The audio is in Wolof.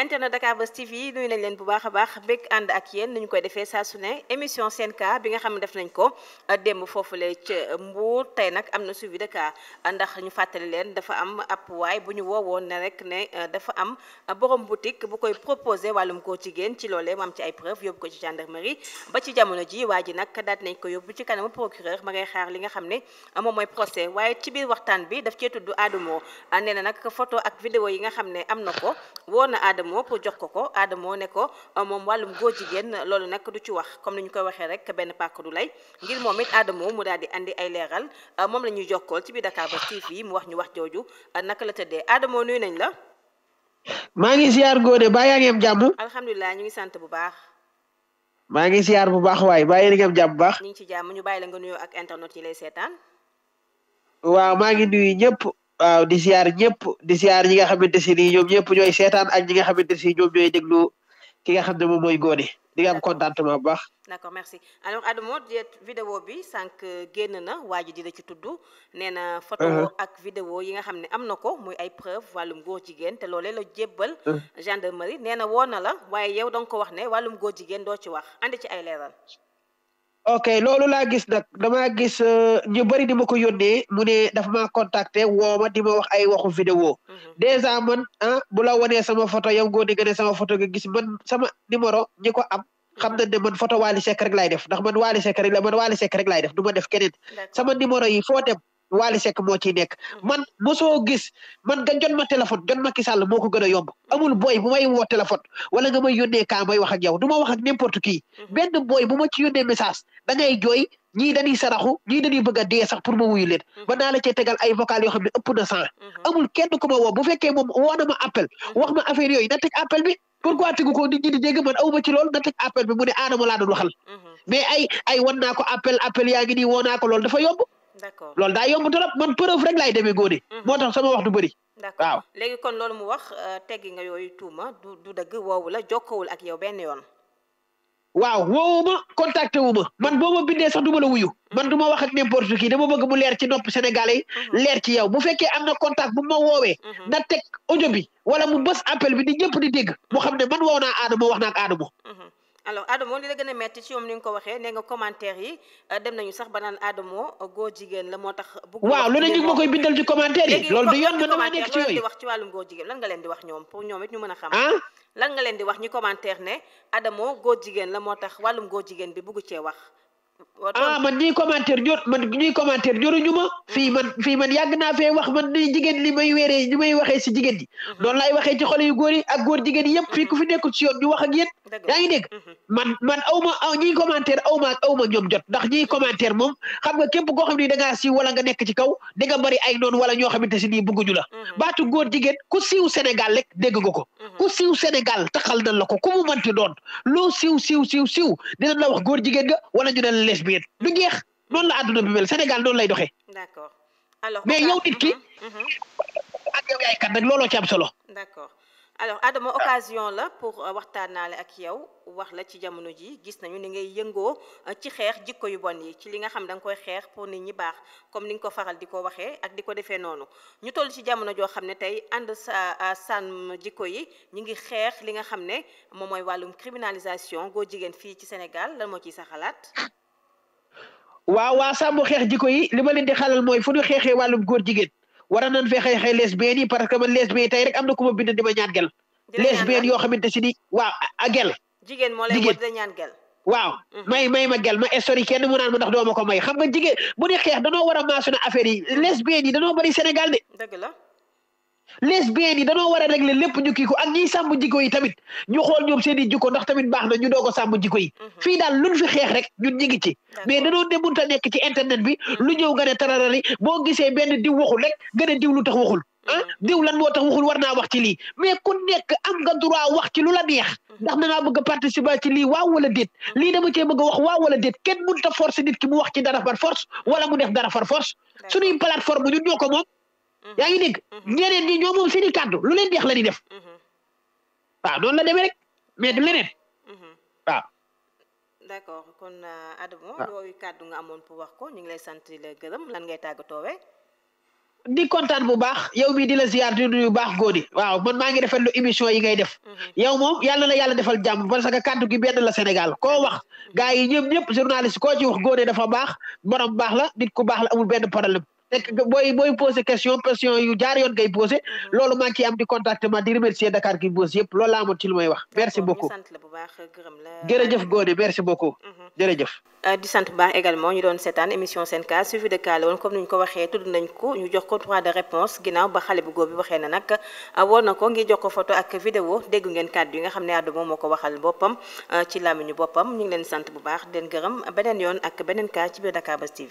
internet Dakar Buzz TV nuyu nañ leen bu baax a baax bëgg ànd ak yéen ni koy defee saa su ne émission seen cas bi nga xam ne def nañ ko euh, démb foofule ca Mbour tey nag am na suivi de cas euh, ndax ñu fàttali leen dafa am ab bu ñu woowoon ne rek ne euh, dafa am borom boutique bu koy proposé wàllum góor jigéen ci loolee mu am ci ay preuve yóbbu ko ci gendarmerie ba ci jamono ji waa ji nag daat nañ ko yóbbu ci kanamu procureur ba ngay xaar li nga xam ne moom mooy procès waaye ci biir waxtaan bi daf cee tuddu Adamo nee na nag photo ak vidéo yi nga xam ne am na ko woo na Adamo pour jox ko ko Adamo ne ko euh, moom wàllum góor jigéen loolu nag du ci wax comme ni ñu koy waxee rek benn pàkk du lay ngir moom it Adamo mu daal di andi ay leeral euh, moom la ñuy jokkool ci biir Dakarbuzz TV mu wax ñu wax jooju euh, naka la tëddee Adamo nuyu nañ la. maa ngi ziar góode baa yaa ngi am jàmm. alhamdulilah ñu ngi sant bu baax. maa ngi ziar bu baax waaye baa yaa ngi am bu baax. ñu ngi ci jàmm ñu bàyyi la nga nuyoo ak internet yi lay seetaan. waaw maa waaw di ziar ñëpp di ziar ñi nga xamante si nii ñoom ñëpp ñooy seetaan ak ñi nga xamante si ñoom ñooy déglu ki nga xam ne moom mooy Ngoné di nga am contentement bu baax. d'accord merci alors Adamo vidéo bi sànq génn na waa ji la ci tudd nee na. photo uh-huh. ak vidéo yi nga xam ne am na ko muy ay preuve wàllum góor jigéen te loolee la jébbal. Uh-huh. gendarmerie nee na woo na la waaye yow da nga ko wax ne wàllum góor jigéen doo ci wax andi ci ay leeral. ok loolu laa gis nag damaa gis euh, ñu bëri di ma ko yónnee mu ne dafa maa contacter woo ma di ma wax ay waxu vidéo mhm. dèjà man a ah, bu la wanee sama photo yow ngoone nga ne sama photo nga gis man sama numéro ñi ko am xam nañ ne man photo Wally Seck rek laay def ndax man Wally Seck rek la man Wally Seck rek laay def du ma sama numéro yi foo dem Wally Seck moo ciy nekk mm-hmm. man mosoo gis man nga jot ma téléphone jot ma Macky Sall moo ko a yomb amul booy bu may woo téléphone wala nga may yónnee kaa may wax mm-hmm. booy bu ma ci yónnee message da ngay jooy ñii saraxu ñii dañuy bëgg a ma wuyu leen ba mm-hmm. naa la tegal ay vocal yoo xam ne na cent amul kenn ku ma woo bu fekkee moom woo ma appel wax ma affaire yooyu na teg appel bi pourquoi tegu ko di dégg man aw ci loolu na teg appel bi mu d'accord loolu daa yomb trop man preuve rek laay demee góode. Mhm. moo tax sama wax du bëri. waaw léegi kon loolu mu wax euh, teggi nga yooyu tuuma du du dëgg woowu la jokkowul ak yow benn yoon. waaw woowu ma contacté wu ma man boo ma bindee sax du ma la wuyu mhm. man du ma wax ak n'importe qui dama bëgg mu leer ci nopp Sénégalais yi mhm. leer ci yow bu fekkee am na contact bu ma woowee na teg audio bi wala mu bës appel bi di ñëpp di dégg mu xam ne man woow naa Adamo wax naa ak alors li la gën a metti ci moom ni nga ko waxee nee nga commentaire yi euh, dem nañu sax ba naan Adamo euh, góor jigéen la moo tax. bëgg waaw lu ne ñu koy bindal ci commentaire yi. loolu du yoon man wax ci wàllum góor jigéen lan nga leen di wax ñoom pour ñoom it ñu a xam. Ah? lan nga leen di wax ñu commentaire ne Adamo góor jigéen la moo tax wàllum góor jigéen bi bëgg cee wax. ah man ñuy commentaire jor man ñuy commentaire joruñu ma mhm. fii man fi man yàgg naa fee wax man ni jigéen li may wéeree li may waxee si jigéen yi mhm. noonu lay waxee ci xol yu góor yi ak góor jigéen yi yëpp fii ku fi nekkul si yoon ñu wax ak yéen yaa ngi dégg mhm. man man aw ma aw ñiy commentaire aw ma aw ma ñoom jot ndax ñii commentaire moom xam nga képp koo xam ne da ngaa siiw wala nga nekk ci kaw da nga bëri ay noonu wala ñoo xamante si nii bëgguñu la mhm. baatu góor jigéen ku siiw Sénégal rek dégg nga ko mhm. ku siiw Sénégal taxal na la ko ku man mënti doon loo siiw siiw siiw siiw na la wax góor jigéen nga wala ñu ne la lesbienne du jeex noon la àdduna bi mel Sénégal noonu lay doxe d'accord alors mais yow nit ki ak yow yaay kat nag looloo ci am solo d'accord alors Adama ah. occasion la pour euh, waxtaanaale ak yow wax la ci jamono ji gis nañu ni ngay yëngoo euh, ci xeex jikko yu bon yi ci li nga xam da nga koy xeex pour nit ñi baax comme ni nga ko faral di ko waxee ak di ko defee noonu ñu toll ci jamono joo xam ne tey ànd sa sàmm jikko yi ñu ngi xeex li nga xam ne moom mooy wàllum criminalisation góor jigéen fii ci Sénégal lan moo ciy sa xalaat waaw waa sàmm xeex jikko yi li ma leen di xalal mooy fu ñu xeexee wàllum góor jigéen war a nan fee xëy xëy lesbiennes yi parce que man lesbiennes tey rek am na ku ma bind di ma ñaan gel lesbiennes yoo xamante si ni waaw a gel jigéen moo lay da ñaan gel waaw mhm. may may ma gel ma histori naan ma ndax doo ma ko may xam nga jigéen bu ne xeex danoo war a maasu na affaire yi lesbiennes yi danoo bari Sénégal de dëgg la lesbiennes yi danoo war a régler lépp ñu kii ko ak ñiy sàmm jikko yi tamit ñu xool ñoom seen i jikko ndax tamit baax na ñu doog a sàmm jikko yi mhm. fii daal luñ fi xeex rek ñu ñu ngi ci mais dañoo ta nekk ci internet bi lu ñëw nga ne tararari boo gisee benn diw waxul rek gën a diw lu tax waxul ah mhm. lan moo tax waxul war naa wax ci lii mais ku nekk am nga droit wax ci lu la neex mhm. ndax na ngaa bëgg a ci lii waaw wala déet lii dama cee bëgg wax waaw wala déet kenn mënut a force nit ki mu wax ci dara par force wala mu def dara par force suñuy plateforme ñun ñoo ko moom Mhm. yaa ngi dégg mhm. ñeneen ñi ñoo moom seeni kàddu lu leen deex la di def mhm. waaw doonu la demee rek mais du leneen waaw d'accord kon euh, a yooyu kàddu nga amoon pour wax ko ñu ngi lay sant di la lan ngay tàggatoowee di kontaan bu baax yaw mi di la ziar di nuyu baax góodi waaw man maa ngi lu émission yi ngay def yow moom yàlla na yàlla defal jàmm parce que kàddu gi benn la Sénégal koo wax gars yi ñëpp ñëpp journaliste koo ci wax góode dafa baax borom baax la nit ku baax la amul benn problème nekk booy booy posé question question yu jaar yoon ngay posé mhm. loolu maa ngi ciy am di contact ma di remercier Dakar gi boos yëpp loolu laa amoon ci lu wax merci beaucoup jërëjëf mhm. euh, di sant bu baax également ñu doon seetaan émission seen cas suivi de cas woon comme ni ñu ko waxee tudd nañ ko ñu jox ko droit de réponse ginnaaw ba xale bu bi waxee na nag euh, woon na ko ngir jox ko photo ak vidéo dégg ngeen kàddu yi nga xam ne àddu moom moo ko waxal boppam euh, ci làmmiñu bu baax di leen gërëm beneen yoon ak beneen cas ci biir